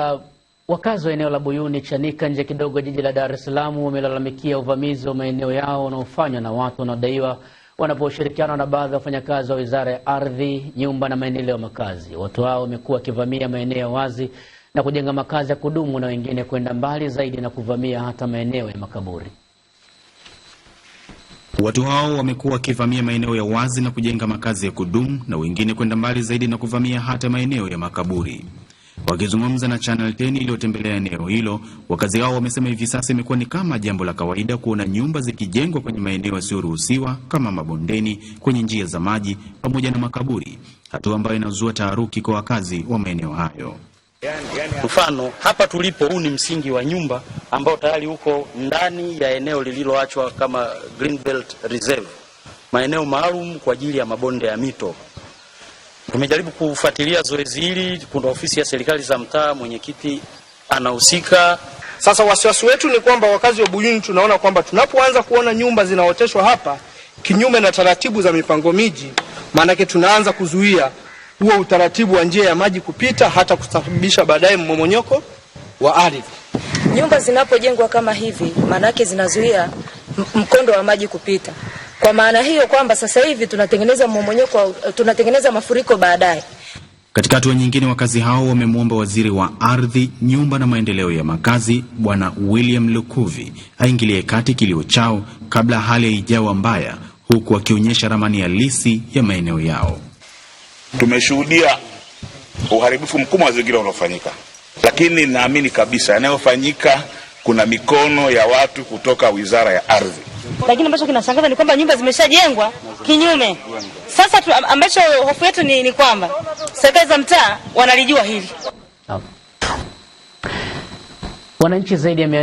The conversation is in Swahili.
Uh, wakazi wa eneo la Buyuni Chanika, nje kidogo jiji la Dar es Salaam, wamelalamikia uvamizi wa maeneo yao unaofanywa na watu wanaodaiwa wanaposhirikiana na baadhi ya wafanyakazi wa Wizara ya Ardhi, Nyumba na Maendeleo ya Makazi. Watu hao wamekuwa wakivamia maeneo ya wazi na kujenga makazi ya kudumu na wengine kwenda mbali zaidi na kuvamia hata maeneo ya makaburi. Watu hao wamekuwa wakivamia maeneo ya wazi na kujenga makazi ya kudumu na wengine kwenda mbali zaidi na kuvamia hata maeneo ya makaburi. Wakizungumza na Channel 10 iliyotembelea eneo hilo, wakazi hao wamesema hivi sasa imekuwa ni kama jambo la kawaida kuona nyumba zikijengwa kwenye maeneo yasiyoruhusiwa kama mabondeni, kwenye njia za maji pamoja na makaburi, hatua ambayo inazua taharuki kwa wakazi wa maeneo hayo. Mfano hapa tulipo, huu ni msingi wa nyumba ambao tayari uko ndani ya eneo lililoachwa kama Greenbelt Reserve, maeneo maalum kwa ajili ya mabonde ya mito. Tumejaribu kufuatilia zoezi hili, kuna ofisi ya serikali za mtaa, mwenyekiti anahusika. Sasa wasiwasi wetu ni kwamba wakazi wa Buyuni tunaona kwamba tunapoanza kuona nyumba zinaoteshwa hapa kinyume na taratibu za mipango miji, maanake tunaanza kuzuia huo utaratibu wa njia ya maji kupita, hata kusababisha baadaye mmomonyoko wa ardhi. Nyumba zinapojengwa kama hivi, maanake zinazuia mkondo wa maji kupita. Kwa maana hiyo kwamba sasa hivi tunatengeneza mmomonyoko, tunatengeneza mafuriko baadaye. Katika hatua nyingine, wakazi hao wamemwomba waziri wa ardhi, nyumba na maendeleo ya makazi Bwana William Lukuvi aingilie kati kilio chao kabla hali haijawa mbaya, huku wakionyesha ramani halisi ya maeneo yao. Tumeshuhudia uharibifu mkubwa wa mazingira unaofanyika, lakini naamini kabisa yanayofanyika kuna mikono ya watu kutoka wizara ya ardhi. Lakini ambacho kinashangaza ni kwamba nyumba zimeshajengwa kinyume. Sasa tu, ambacho hofu yetu ni, ni kwamba serikali za mtaa wanalijua hili. Wananchi zaidi ya